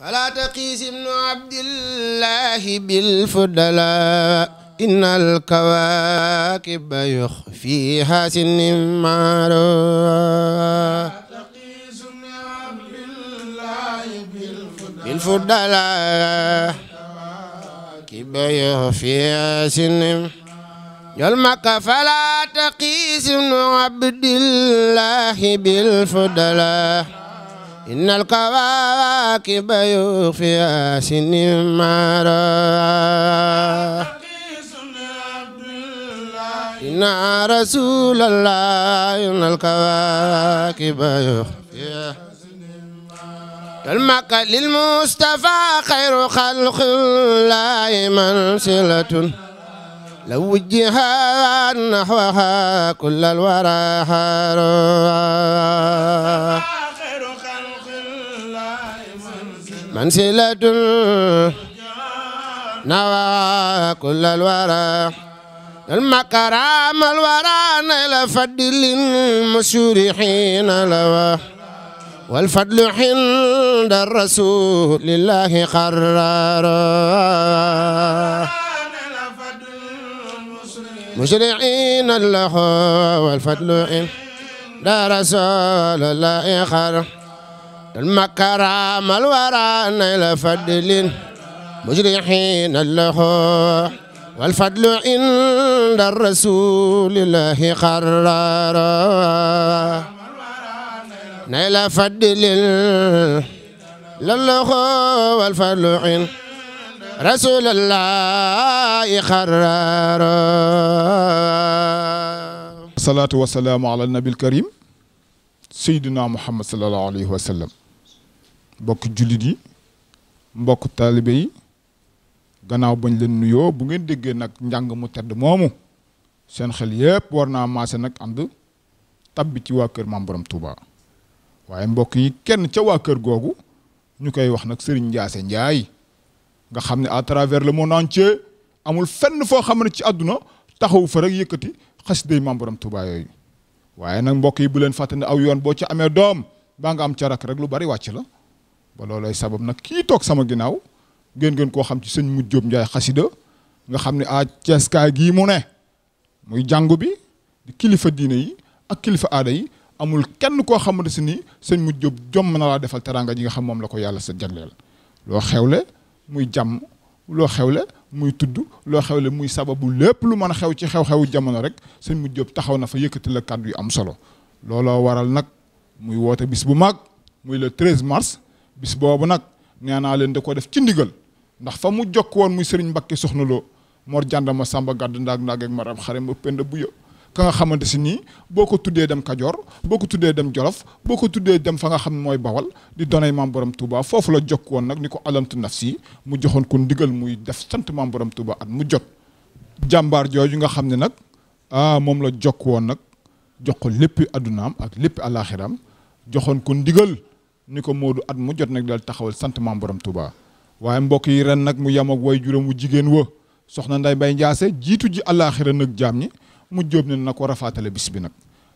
فلا تقيس ابن عبد الله بالفضلاء إن الكواكب يخفيها سن مارو بالفضلاء كب يخفيها سن يلمك فلا تقيس ابن عبد الله بالفضلاء إن الكواكب يخفيها سن مارا إن رسول الله إن الكواكب يخفيها المك للمصطفى خير خلق الله منزلة لو وجهها نحوها كل الورى حرا منزلة نوى كل الورى المكرام الورى نيل فدل المسور حين لوى والفضل عند الرسول لله خرار مشرعين الله والفضل عند رسول الله خرار المكرم الورى نيل فدلين مجرحين الله والفضل عند الرسول الله قرر نيل فدلين الله والفضل عند رسول الله قرر الصلاة والسلام على النبي الكريم سيدنا محمد صلى الله عليه وسلم mbokk jullit yi mbokk taalibe yi gannaaw bañ leen nuyoo bu ngeen déggee nag njàng mu tedd moomu seen xel yëpp war naa maase nag ànd tabbi ci waa kër maam borom Touba waaye mbokk yi kenn ca waa kër googu ñu koy wax nag Serigne Ndiassé Ndiaye nga xam ne à travers le monde entier amul fenn foo xam ne ci àdduna taxawu fa rek yëkkati xasiday maam borom Touba yooyu waaye nag mbokk yi bu leen fàtte ne aw yoon boo ci amee doom baa nga am ca rakk rek lu bari wàcc la. ba loolooy sabab nag kii toog sama ginnaaw gën gën koo xam ci sëñ Modou Diop Ndiaye xasida nga xam ne ah ceeskaay gii mu ne muy jàngu bi di kilifa diine yi ak kilifa aada yi amul kenn koo xamante si ni sëñ Modou Diop jomm na laa defal teraanga ji nga xam moom la ko yàlla sa jagleel loo xewle muy jàmm loo xew le muy tudd loo xew le muy sababu lépp lu mën a xew ci xew-xewu jamono rek sëñ Modou Diop taxaw na fa yëkkati la kàddu yi am solo looloo waral nag muy woote bis bu mag muy le 13 mars bis bobu nian neena len de ko def ci ndigal ndax fa mu jokk won muy serigne mbacke Soxna Lo Mor jandama Samba Gàdd ndaag ndaag ak maram xarem buyo ka nga xamanteni ni boko tuddé dem kadior boko tuddé dem Jolof boko tuddé dem fa nga xam moy Bawal di donay mam borom Touba fofu la jokk won nak niko alamtu nafsi mu joxon ko ndigal muy def sant mam borom Touba at mu jot jambar joju nga xamni nak ah mom la jokk won nak jox lepp adunaam ak lepp alakhiram joxon ko ndigal ni ko Modou at mu jot nag daal taxawal sant maam borom Touba waaye mbokk yi ren nag mu yam ak way juróom wu jigéen wa soxna nday bay njaase jiitu ji àllaaxira nag jaam ñi mu jóob ne na ko rafaatale bis bi nag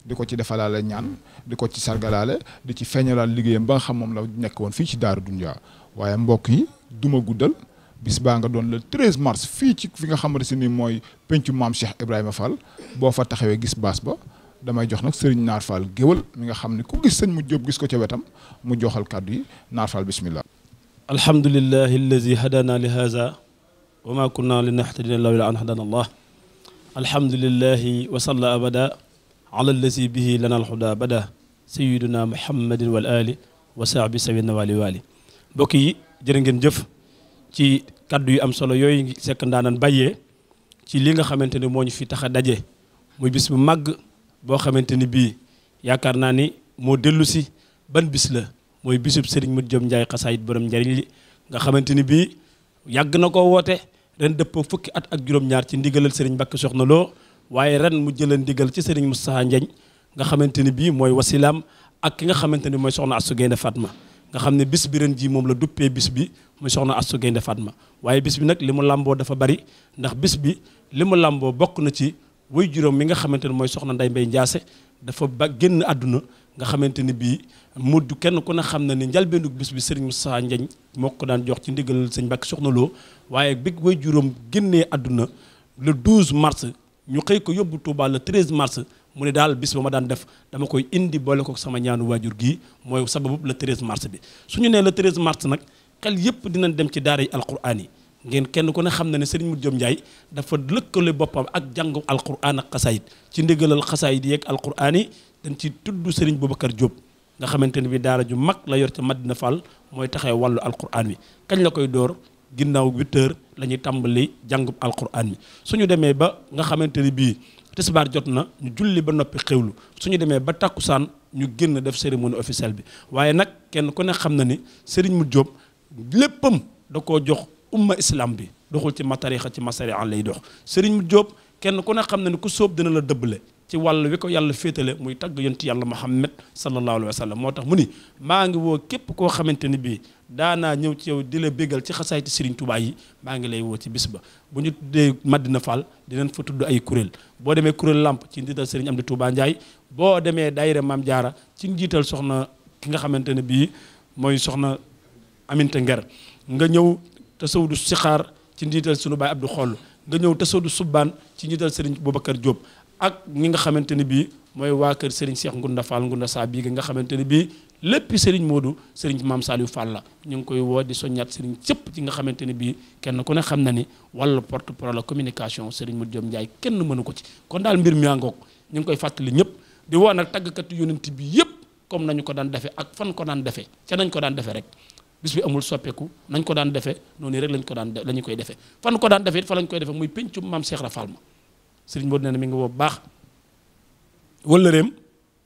di ko ci defalaale ñaan di ko ci sargalaale di ci feeñalaal liggéeyam ba nga xam moom la nekk woon fii ci daaru Dunja waaye mbokk yi duma guddal bis baa nga doon le 13 mars fii ci fi nga xamante si nii mooy pencu maam Cheikh Ibrahima Fall boo fa taxawee gis baas ba damay jox nag sëriñ Naar Fall géwal mi nga xam ne ku gis sëñ mu jóob gis ko ca wetam mu joxal kàddu yi Naar Fall bismillah alhamdulillahi alladi hadana li haza wa ma kunna linahtadiya lawla an hadana allah alhamdulillahi wa salla abada ala alladi bihi lana alhuda bada sayyiduna muhammadin wal ali wa sahbi sawin wali wali mbokk yi jërë ngeen jëf ci kaddu yu am solo yooyu sekk ndaanan bàyyee ci li nga xamante ne fi tax a daje muy bis bo xamanteni bi yakarna ni mo delusi ban bis la moy bisub serigne mudjom Diop khassayit borom njariñ li nga ya bi yag nako wote ren depp fukki at ak juroom ñaar ci ndigalal serigne Mbacke Soxna Lo waye ren mu jëlee ndigal ci serigne Moustapha Ndiagne nga xamanteni bi moy wasilam ak ki nga xamanteni ni soxna Astou Fatma nga xamne bis bi ren ji mom la duppee bis bi moy soxna Fatma waye bis bi nak limu lambo dafa bari ndax bis bi limu lambo bokku na ci way juróom mi nga xamante ne mooy soxna Ndeye Mbaye Ndiasse dafa ba génn àdduna nga xamante ni bii mudd kenn ku ne xam na ni njalbeenu bis bi Serigne saa Ndiagne moo ko daan jox ci ndigal sëñ Mbàkke soxna Lo waaye bi way juróom génnee àdduna le douze mars ñu xëy ko yóbbu Touba le 13 mars mu ne daal bis ba ma daan def dama koy indi boole ko sama ñaanu waajur gii mooy sababu le 13 mars bi su ñu nee la 13 mars nag xel yëpp dinañ dem ci daara yi alquran yi ngeen kenn ku ne xam na ne Serigne Modou Diop Ndiaye dafa lëkkale boppam ak jàngu alquran ak xasaayit ci ndigalal xasaayit yeeg alquran yi dañ ci tudd Serigne Boubacar Diop nga xamante ne bi daara ju mag la yor ca Madina Fall mooy taxee wàllu alquran wi kañ la koy door ginnaaw 8 heures la ñuy tàmbali jàngub alquran su ñu demee ba nga xamante ni bii tisbaar jot na ñu julli ba noppi xewlu su ñu demee ba takkusaan ñu génn def cérémonie officielle bi waaye nag kenn ku ne xam na ni Serigne Modou Diop léppam da koo jox umma islam bi doxul ci ma tarixa ci masarian lay dox Serigne Diop kenn ku ne xam ne ne ku soob dina la dëbbale ci wàll wi ko yàlla féetale muy tagg yonti yàlla Muhammad sallallahu alayhi wa sallam moo tax mu ni maa ngi woo képp koo xamante ni bii daanaa ñëw ci di la béggal ci xasaayiti Serigne Touba yi maa ngi lay woo ci bis ba bu ñu tuddee Madina Fall dinañ fa tudd ay boo demee kuréel làmp ci njiital Serigne Amdi Touba Ndiaye boo demee daayira Maam Jaara ci njiital soxna ki nga xamante ne bii mooy soxna Aminta Nger nga ñëw tasawudu sixaar ci njiital sunu baay du Xoll nga ñëw tasawudu subbaan ci njiital Serigne Boubacar Diop ak ñi nga xamante ni bii mooy waa kër Serigne Cheikh Ngunda Fall Ngunda saa bii nga xamante ni bii lépp Serigne Modou Serigne Maam Saliou Fall la ñu ngi koy woo di soññaat Serigne sëpp ci nga xamante ni bii kenn ku ne xam na ni wala porte parole communication Serigne mu Diop Ndiaye kenn mënu ko ci kon daal mbir mi àngoog ñu ngi koy fàttali ñëpp di woo nag tàggkatu yonent bi yëpp comme nañu ko daan defee ak fan ko daan defee ca nañ ko daan defee rek bis bi amul soppeeku nañ ko daan defee noonu rek lañ ko daan la ñu koy defee fan ko daan defee it fa lañ koy defee muy pencum maam Cheikh Rafal ma sëriñ Modou na mi ngi woo baax wëllëreem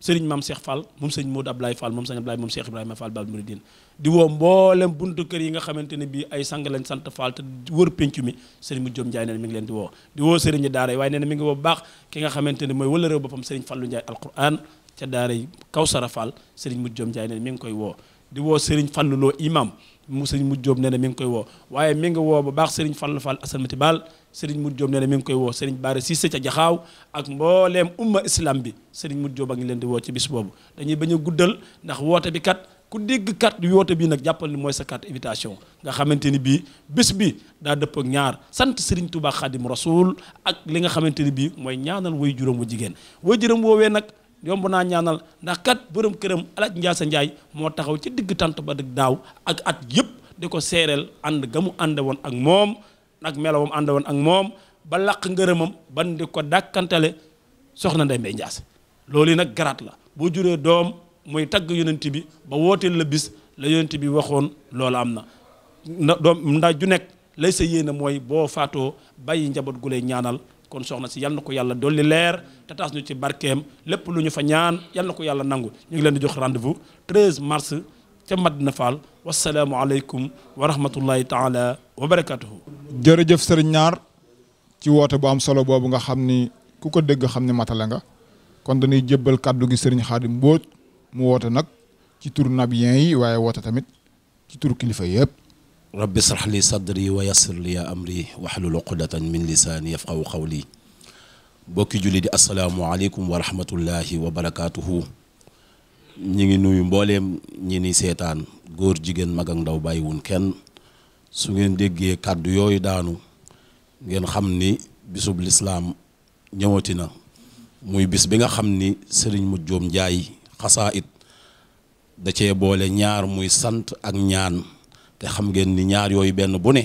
sëriñ maam Cheikh Fall moom sëriñ Modou Ablaye Fall moom sëriñ Ablaye moom Cheikh Ibrahima Fall Baabul Muridiin di woo mboolem buntu kër yi nga xamante ne bii ay sang lañ sant Fall te wër pencu mi sëriñ mu Jóob Njaay nee na mi ngi leen di woo di woo sëriñ daara yi waaye nee na mi ngi woo baax ki nga xamante ne mooy wëllëreew boppam sëriñ Fallu Njaay alquran ca daara yi Kawsara Fall sëriñ mu Jóob Njaay nee na mi ngi koy woo di woo Serigne Fallou Lo imam mu Serigne Modou Diop nee na mi ngi koy woo waaye mi ngi woo bu baax Serigne Fallou Fall asalmati baal Serigne Modou Diop nee na mi ngi koy woo Serigne si Cissé ca Jaxaaw ak mbooleem umma islam bi Serigne Modou Diop a ngi leen di woo ci bis boobu dañuy bañ a guddal ndax woote bi kat ku dégg kat yoote bii nag jàppal ni mooy sa kat invitation nga xamante ni bii bés bi daa dëpp ak ñaar sant Serigne Touba Khadim Rasoul ak li nga xamante ni bii mooy ñaanal way juróom wu jigéen way juróom nag yomb naa ñaanal ndax kat borom këram alaaj Njaasa Njaay moo taxaw ci digg tant ba dëgg daaw ak at yëpp di ko seereel ànd gamu ànde woon ak moom ak melowam ànde woon ak moom ba laq ngërëmam ban di ko dàkkantale soxna Ndeye Mbaye Njaase loolu nag garaat la boo juree doom muy tagg yonent bi ba wooteel la bis la yonent bi waxoon loolu am na ndax doom nda ju nekk lay sa yéene mooy boo faatoo bàyyi njaboot gu lay ñaanal kon soxna si yal na ko yàlla dolli leer te ñu ci barkeem lépp lu ñu fa ñaan yal na ko yàlla nangu ñu ngi leen di jox rendez-vous 13 mars ca Madina Fall wasalaamu aleykum wa rahmatullahi taala wa barakatuhu jërëjëf sëriñ ñaar ci woote bu am solo boobu nga xam ni ku ko dégg xam ne matale nga kon dañuy jëbbal kàddu gi sëriñ Xaadim Mbóoj mu woote nag ci tur nabiyen yi waaye woote tamit ci tur kilifa yëpp rabbi israh li sadri wa yassir li amri wahlul uqdatan min lisaani xaw qawli bokki julli di asalaamu aleykum wa rahmatullahi wa barakaatuhu ñi ngi nuyu mbooleem ñi ni seetaan góor jigéen mag ak ndaw bàyyiwun kenn su ngeen déggee kàddu yooyu daanu ngeen xam ni bisub lislaam ñëwati na muy bis bi nga xam ni sëriñ mu joom njaay xasaa it da cee boole ñaar muy sant ak ñaan te xam ngeen ni ñaar yooyu benn bu ne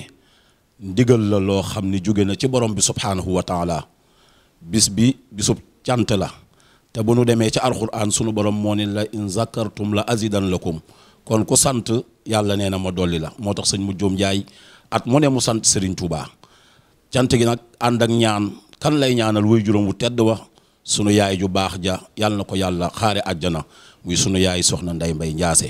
ndigal la loo xam ni jóge na ci borom bi subhaanahu wa taala bis bi bisub cant la te bu nu demee ci alxuraan sunu borom moo ni la in zakartum la la lakum kon ku sant yàlla nee na ma dolli la moo tax sëñ mu joom jaay at mu ne mu sant Serigne Touba cant gi nag ànd ñaan kan lay ñaanal way juróom wu tedd wa sunu yaay ju baax ja yàlla na ko yàlla xaare àjjana muy sunu yaay soxna nday Mbay Njaase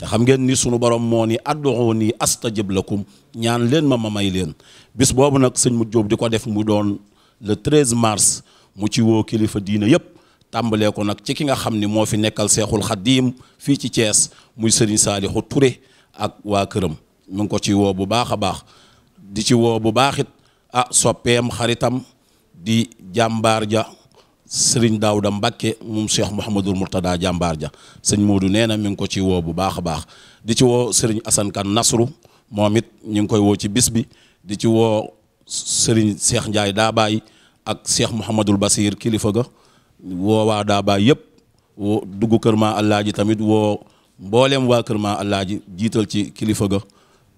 te xam ngeen ni sunu borom moo ni adduuni asta lakum ñaan leen ma ma may leen bis boobu nag sëñ mu jóob di ko def mu doon le 13 mars mu ci woo kilifa diina yépp tàmbalee ko nag ci ki nga xam ni moo fi nekkal seexul xaddiim fii ci Thiès muy sëriñ Saliou Touré ak waa këram mu ngi ko ci woo bu baax a baax di ci woo bu baax it ah soppeem xaritam di jàmbaar ja sëriñ Daawda Mbàkke moom Cheikh Mouhamadul Mourtada jàmbaar ja sëñ Moodu nee na mi ngi ko ci woo bu baax a baax di ci woo sëriñ Asan Kan Nasru moom it ñu ngi koy woo ci bis bi di ci woo sëriñ Cheikh Ndiaye Daabaay ak Cheikh Mouhamadul Basir kilifa ga woo waa Daabaay yëpp woo dugg kër ma Allaaji tamit woo mbooleem waa kër ma Allaaji jiital ci kilifa ga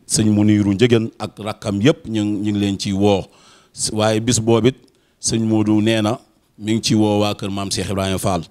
sëñ Muniiru Njëgeen ak rakkam yëpp ñu ngi leen ci woo waaye bis boobit sëñ Moodu nee na mi ngi ci woo waa kër maam Cheikh Ibrahima Fall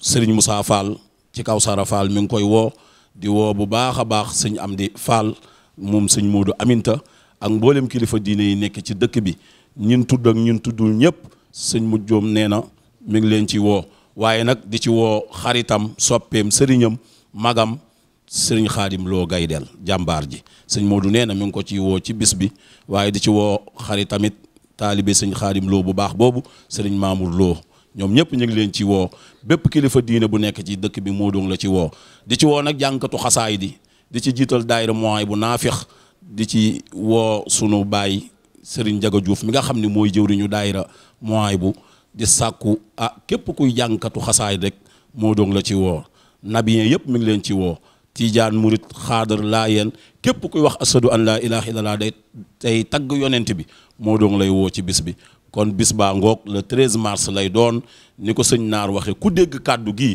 Serigne Moussa Fall ci kaw Sara Fall mi ngi koy woo di woo bu baax a baax sëñ am di Fall moom sëñ Moodu Aminta ak mboolem kilifa diine yi nekke ci dëkk bi ñun tudd ak ñun tuddul ñëpp sëñ mu joom nee na mi ngi leen ci woo waaye nag di ci woo xaritam soppeem sëriñam magam sëriñ xaadim loo gaydel jàmbaar ji sëñ Moodu nee na mi ngi ko ci woo ci bis bi waaye di ci woo xaritamit taalibe sëñ xaadim loo bu baax boobu sëriñ Mamour loo ñoom ñëpp ñu ngi leen ci woo bépp kilifa diine bu nekk ci dëkk bi Modou Ngom la ci woo di ci woo nag jànkatu xasaay di di ci jiital daayira mooy bu naafix di ci woo sunu baay sëriñ Jaga Juuf mi nga xam ne mooy jëwriñu daayira mooy bu di sàkku ah képp kuy jànkatu xasaay rek Modou Ngom la ci woo nabiyen yëpp mi ngi leen ci woo tiijaan murit xaadar laayeen képp kuy wax asadu an laa ilaha illallah day tey tagg yonent bi moo doon lay woo ci bis bi kon bis baa ngoog la 13 mars lay doon ni ko sëñ naar waxe ku dégg kàddu gi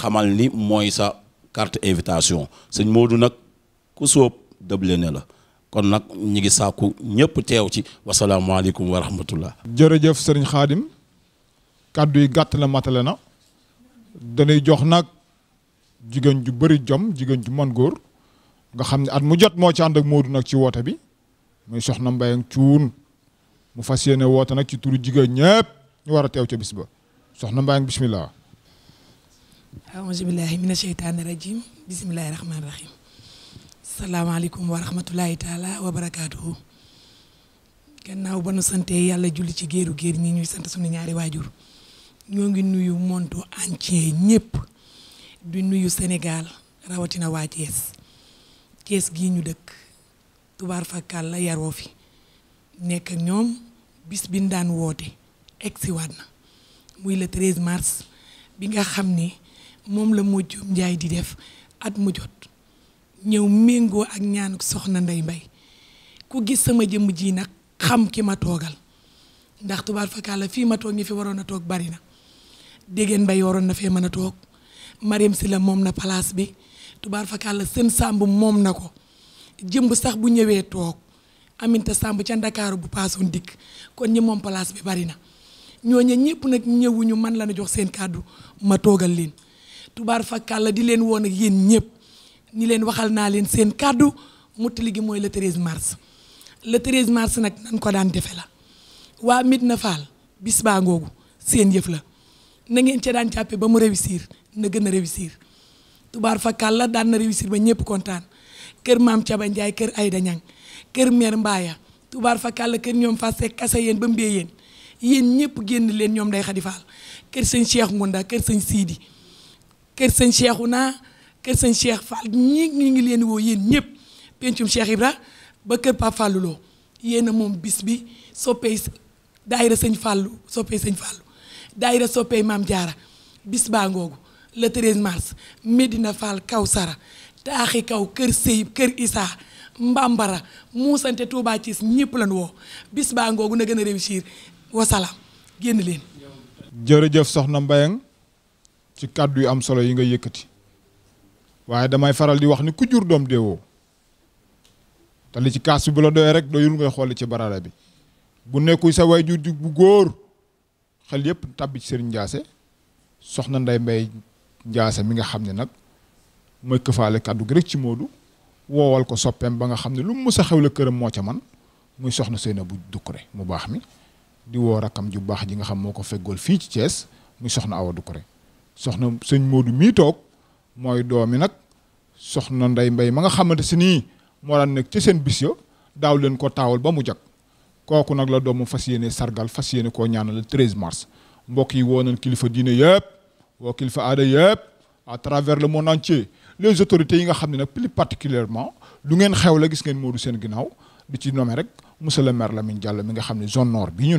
xamal ni mooy sa carte invitation sëñ Modou nag ku soob dëble ne la kon nag ñi ngi sàkku ñëpp teew ci wasalaamaaleykum wa rahmatullah jërëjëf sëriñ xaadim kàddu yi gàtt la matale na dañuy jox nag jigen ju bëri jom jigen ju man gor nga xamni at mu jot mo ci and ak Modou nak ci woote bi muy soxna ak ciun mu fasiyene yéene nak ci turu jigen ñepp ñu wara tew ci bisba soxna mbay ak Mbayang bismillah aousubillahi mina sheytaani rajim bismillahir rahmanir rahim alaykum wa rahmatullahi taala wa barakatuh gannaaw banu sante yalla julli ci geeru geer ñi ñuy sante sunu ñaari wajur ñoo ngi nuyu monto entier ñepp du nuyu Sénégal rawatina waa Thiès Thiès gi ñu dëkk tubaar fakkal la yaroo fi nekk ñoom bis bi daan woote egsiwaat na muy le 13 mars bi nga xam ni moom la mujj njaay di def at mu jot ñëw méngoo ak ñaanu soxna Ndey Mbay ku gis sama jëmm ji nag xam ki ma toogal ndax tubaar fakkal la fii ma toog ñi fi waroon a toog bari na dégg mbay waroon na fee mën a toog. Mariam la moom na place bi tubaar fakàlla seen sàmb moom na ko jëmb sax bu ñëwee toog Aminta Samb ca Ndakaaru bu paasoon dikk kon ñi moom place bi bari na ñoo ñëpp nag ñëwuñu man la jox seen kàddu ma toogal leen tubaar fakàlla di leen woon ak yéen ñëpp ni leen waxal naa leen seen kàddu mottali gi mooy le 13 mars le 13 mars nag nan ko daan defe la waa Médina Fall bis baa seen yëf la na ngeen ca daan jàppee ba mu réussir na gën a réussir tubaar fakal la daan na réussir ba ñëpp kontaan kër maam Caba Ndiaye kër Ayda Ñang kër mère Mbaaya tubaar fakal la kër ñoom fase kasa yéen ba mbee yéen yéen ñëpp génn leen ñoom day Xadi Faal kër sëñ Cheikh Ngunda kër sañ Siidi kër sëñ Cheikhouna kër sëñ Cheikh Fall ñi ñu ngi leen woo yéen ñëpp pencum Cheikh Ibra ba kër Pape Fallou Lo yéen a moom bis bi soppee daayira sëñ Fallou soppee sëñ Fallou daayira soppey maam jaara bis baa ngoogu le 13 mars Medina Fall Kawsara taaxi kaw kër Seyib kër Issa Mbambara muusante Touba Thiès ñëpp lan woo bis baa ngoogu na gën a réussir wasalaam génn leen. jërëjëf soxna mbayaŋ ci kàddu yu am solo yi nga yëkkati waaye damay faral di wax ni ku jur doom deewoo te li ci kaas bi bu la doyee rek doyul ngay xooli ci barada bi bu nekkuy sa way jur bu góor. xel yëpp tabbi ci Serigne Ndiassé soxna nday Mbaye Ndiassé mi nga xam nak, moy mooy këfaale kàddu rek ci Modou wowal ko soppeem ba nga xam lu mu mës a xewle këram moo ca man muy soxna Seynabou Doucouré mu bax mi di wo rakam ju bax ji nga xam moko ko fi ci Thiès muy soxna Awa Doucouré soxna sëñ Modou mi tok moy doomi nak soxna nday Mbaye ma nga xamante si nii moo nek ci sen bisyo ya, daw len ko taawal ba mu jakk 13 nak la doomu sargal ñaanal le 13 mars mbokk yi woo kilifa diine à travers le monde entier les autorités yi nga plus particulièrement lu ngeen xew gis ngeen Modou seen ginnaaw di ci rek monsieur le Lamine Diallo mi nga zone nord bi ñu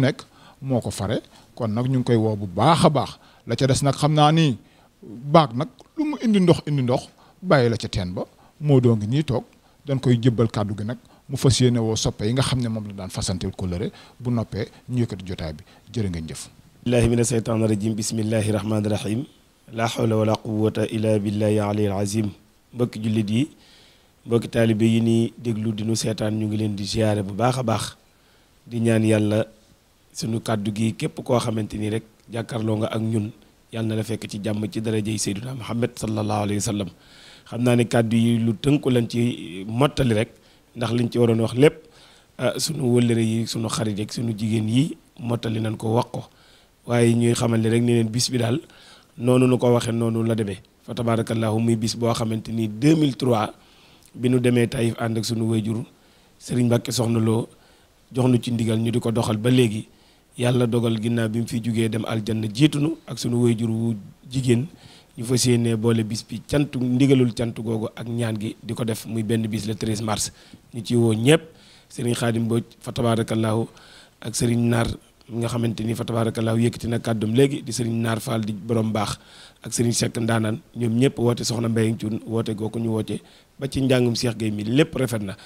kon a baax la ca des nag xam ni baag nag lu mu indi ndox indi ndox bàyyi la ca teen ba moo ngi koy mu fas yéene woo soppe yi nga xam ne moom la daan fasanteel kóllëre bu noppee ñu yëkkati jotaay bi jërë ngeen jëf billahi mina seytaan rajim bismillahi rahmaani rahim laa hawla wala quwata illa billahi aliyil azim mbokki jullit yi mbokki taalibe yi ni déglu dinu seetaan ñu ngi leen di ziyaare bu baax a baax di ñaan yàlla sunu kàddu gi képp koo xamante ni rek jàkkaarloo nga ak ñun yàlla na la fekk ci jàmm ci darajey Seydina Muhammad sallallahu alayhi wa sallam xam naa ne kàddu yi lu tënku lañ ci mottali rek ndax liñ ci waroon wax lépp ah, sunu wëllëre yi sunu xarit yeeg sunu jigéen yi mottali nañ ko wax ko waaye ñuy xamal ni rek ni leen bis bi daal noonu nu ko waxee noonu la demee fa tabaarakallaahu muy bis boo xamante ni 2003 bi nu demee Taïf ànd ak sunu wéjur Serigne Mbacke soxna loo jox nu ci ndigal ñu di ko doxal ba léegi yàlla dogal ginnaaw bi mu fi jógee dem aljanna jiitunu ak sunu wéjur wu jigéen. ñu fas yéene boole bis bi cant ndigalul cant googu ak ñaan gi di ko def muy benn bis la 13 mars ñu ci woo ñëpp sëriñ Xaadim Mbodj fa tabaarakallaahu ak sëriñ Naar mu nga xamante ni fa tabaarakallaahu yëkkati na kàddum léegi di sëriñ Naar Fall di borom baax ak sëriñ sekk Ndaanaan ñoom ñëpp woote soxna Mbayang Cuun woote googu ñu woote ba ci njàngum Seex Gay mi lépp rafet na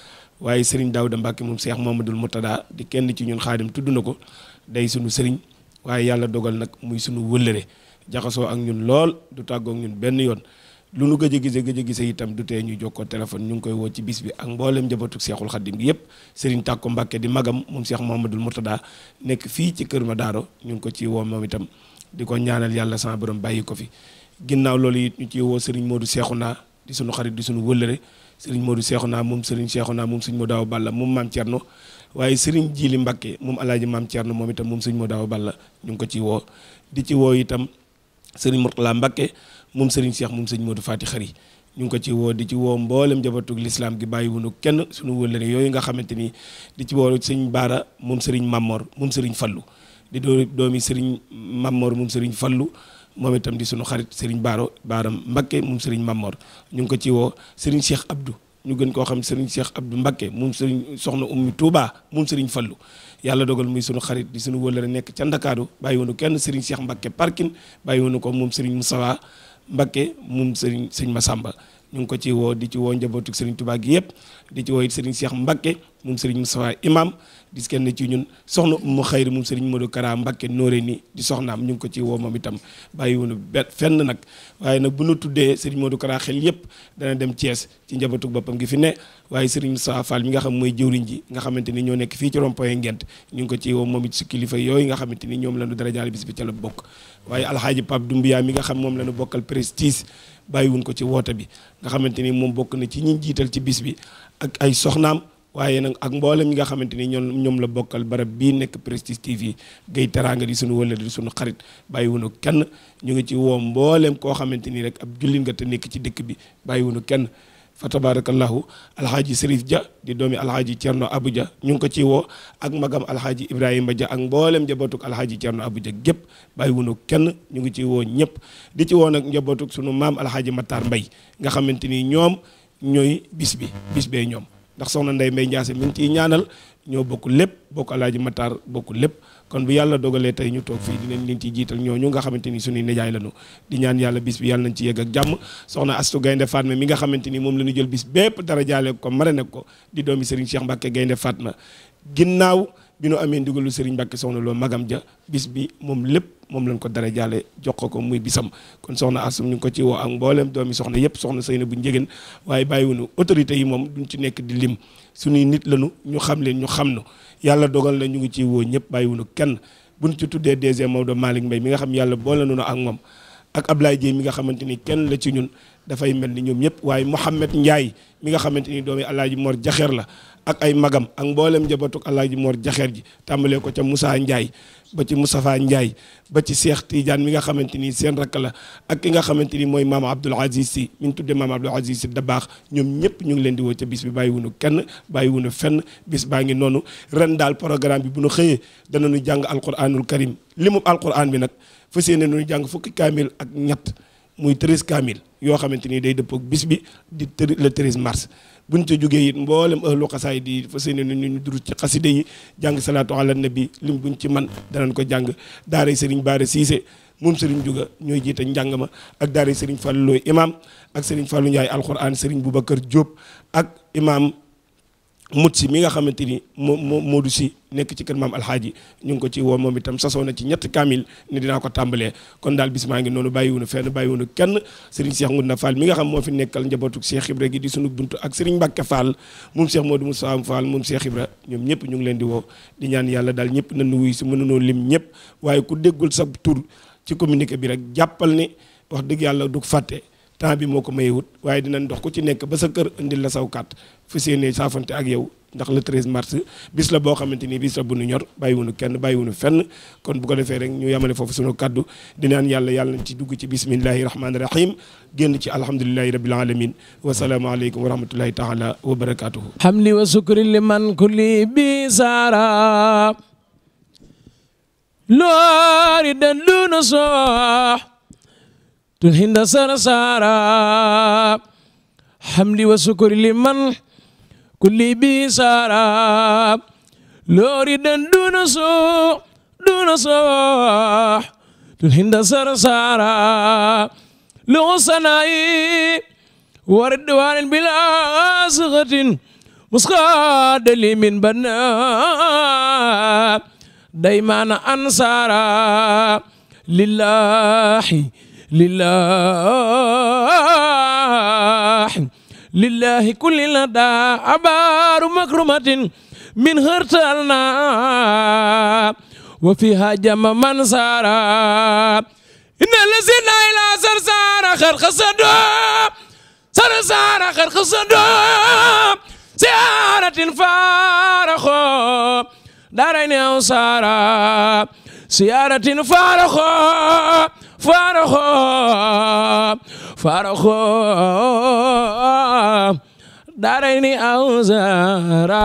waaye sëriñ Daawda Mbàkke moom dul Mamadul Murtada di kenn ci ñun Xaadim tudd na ko day sunu sëriñ waaye yàlla dogal nag muy sunu wëllëre jaxasoo ak ñun lool du tàggook ñun benn yoon lu nu gëj a gise gëj a gise itam du tee ñu jokkoo téléphone ñu ngi koy woo ci bis bi ak mbooleem njabootu seexul xaddim gi yëpp sëriñ Tàkko Mbàkke di magam moom seex Muhammadul Murtada nekk fii ci kër ma daaro ñu ngi ko ci woo moom itam di ko ñaanal yàlla sama borom bàyyi ko fi ginnaaw loolu it ñu ciy woo sëriñ Modou Seexuna di sunu xarit di sunu wëllëre sëriñ Modou Seexuna moom sëriñ Seexuna moom sëriñ Modou Awa Balla moom maam Cerno waaye sëriñ Jili Mbàkke moom alaaji maam Cerno moom itam moom sëriñ Modou Awa Balla ñu ngi ko ci woo di ci woo itam sëriñ Mourtala Mbacke moom sëriñ Cheikh moom sëriñ Modou Fati Xari ñu ngi ko ci woo di ci woo mboolem jabatug lislaam gi bàyyiwunu kenn suñu wëllëre yooyu nga xamante ni di ci woo sëriñ Baara moom sëriñ Mamor moom sëriñ Fallu di doo doomi sëriñ Mamor moom sëriñ Fallu moom itam di sunu xarit sëriñ Baaro Baaram Mbacke moom sëriñ Mamor ñu ngi ko ci woo sëriñ Cheikh Abdou ñu gën koo xam sëriñ Cheikh Abdou Mbacké moom sëriñ soxna ummi Touba moom sëriñ Fallu yàlla dogal muy sunu xarit di sunu wëllëre nekk ca Ndakaaru bàyyi woonu kenn sëriñ Cheikh Mbacké parkin bàyyi woonu ko moom sëriñ Moustapha Mbacké moom sëriñ sëñ samba ñu ngi ko ci woo di ci woo njabootu Serigne Touba gi yëpp di ci woo it Serigne Cheikh Mbacke moom Serigne Moustapha Imam di kenn ci ñun soxna Umu Xayri moom Serigne Modou Kara Mbacke nooree nii di soxnaam ñu ngi ko ci woo moom itam bàyyi wunu fenn nag waaye nag bu nu tuddee Serigne Modou Kara xel yëpp dana dem Thiès ci njabootu gi fi ne waaye Serigne Moustapha Fall mi nga xam mooy jëwriñ ji nga xamante ni ñoo nekk fii ci rond-point Ngent ñu ngi ko it si kilifa yooyu nga xamante ni ñoom la ñu dara jaale bis bi ca la bokk waaye Alxaaji Pape Doumbia mi nga xam moom la ñu bokkal prestige bàyyiwuñ ko ci woote bi nga xamante ni moom bokk na ci ñi jiital ci bis bi ak ay soxnaam waaye nag ak mboolem ñi nga xamante ni ñoom ñoom la bokkal barab bii nekk Prestige TV gay teraanga di suñu wëllëre di suñu xarit bàyyiwunu kenn ñu ngi ci woo mboolem koo xamante ni rek ab jullit nga te nekk ci dëkk bi bàyyiwunu kenn fa tabarakallahu alxaaji Serif ja di doomi alxaaji Cerno Abu Dia ñu ngi ko ci woo ak magam alxaaji Ibrahima Dia ak mboolem njabootuk alxaaji Cerno Abu Dia gépp bàyyi wunu kenn ñu ngi ci woo ñëpp di ci woo nag njabootuk sunu maam alxaaji mataar Mbay nga xamante ni ñoom ñooy bis bi bis bee ñoom ndax soxna Ndey Mbay Njaase mi ngi ciy ñaanal ñoo bokk lépp bokk alxaaji Matar bokk lépp kon bu yàlla dogalee tey ñu toog fii dinañ leen ci jiital ñu nga xamante ni suñuy nijaay lañu di ñaan yàlla bis bi yàlla nañ ci yegg ak jàmm soxna Astu Gaynde Fatma mi nga xamante ni moom la ñu jël bis bépp dara jaale ko mara nekk ko di doomi Serigne Cheikh Mbacke Gaynde Fatma ginnaaw bi nu amee ndigalu Serigne Mbacke soxna loo magam ja bis bi moom lépp moom lañ ko dara jaale jox ko ko muy bisam kon soxna asum ñu ngi ko ci woo ak mboolem doomi soxna yëpp soxna sëy na bu njegéen waaye bàyyiwunu autorités yi moom duñ ci nekk di lim suñuy nit lañu ñu xam leen ñu xam nu yàlla dogal na ñu ngi ci woo ñëpp bàyyiwunu kenn buñ ci tuddee DG Maodo Malick Mbaye mi nga xam yàlla boole nañu ak moom ak Ablaye Dieye mi nga xamante ni kenn la ci ñun dafay mel ni ñoom ñëpp waaye Mouhamed Ndiaye mi nga xamante ni doomi Alaaji Mor Jaxeer la ak ay magam ak mboolem njabatuk alaaji moor Jaxeer ji tàmbalee ko ca Moussa Ndiaye ba ci Moustapha Ndiaye ba ci Cheikh Tidiane mi nga xamante ni seen rakk la ak ki nga xamante ni mooy maam Abdoul Aziz Sy mi ñu tuddee maam Abdoul Aziz si da baax ñoom ñëpp ñu ngi leen di woo ca bis bi bàyyi wunu kenn bàyyi wunu fenn bis baa ngi noonu ren daal programme bi bu nu xëyee danañu jàng alquranul karim li mu alquran bi nag fas yéene nu jàng fukki kaamil ak ñett muy treize yoo xamante ni day dëppoo bis bi di le treize mars buñ ca jógee it mboolem ahlu xasaay di fa seen ni ñu durus ci xaside yi jàng salaatu ala nabi lim buñ ci man danañ ko jàng daara Serigne Bara Cissé moom Serigne Juga ñooy jiite njàng ma ak daara Serigne Fallou Looy imam ak Serigne Fallou Ndiaye alquran Serigne Boubacar jóob ak imam mut si mi nga xamante ni moom moo Modou si nekk ci kër maam alxaaji ñu ngi ko ci woo moom itam sasoo na ci ñetti kaamil ne dinaa ko tàmbalee kon daal bis maa ngi noonu bàyyiwunu fenn bàyyiwunu kenn Serigne Cheikh Ngounda Fall mi nga xam moo fi nekkal njabootu Cheikh Ibra gi di sunu buntu ak Serigne Mbacke Fall moom Cheikh Modou ñoom ñëpp ñu ngi leen di woo di ñaan yàlla daal ñëpp nañu wuy si mënunoo lim ñëpp waaye ku déggul sa tur ci communiqué bi rek jàppal ni wax dëgg yàlla du fàtte temps bi moo ko mayewut waaye dinañ dox ku ci nekk ba sa kër indil la saw kàtt fu séenee saafante ak yow ndax le mars bis la boo xamante bis la bu nu ñor bàyyiwunu kenn bàyyiwunu fenn kon bu ko defee rek ñu yamale foofu sunu kaddu di naan yàlla yàlla nañ ci dugg ci bismillahi rahmaani rahim génn ci alhamdulillahi rabbil alamin wa aleykum wa taala wa barakatuhu تنهند سارا سارا حمدي وشكر لمن كل بي سارا لوري دن دون سو دون صباح تنهند سارا سارا لو سنائي ورد وان بلا صغة مسقاد لي من بنا دايما انصارا لله لله لله كل لدى أبار مكرمة من هرسلنا وفيها جم من سارا إن الذين إلى سرسار خر خصدو سرسار خر خصدوا سيارة فارخو دارين أو سارا سيارة فارخو فارخو فارخو داريني أوزارا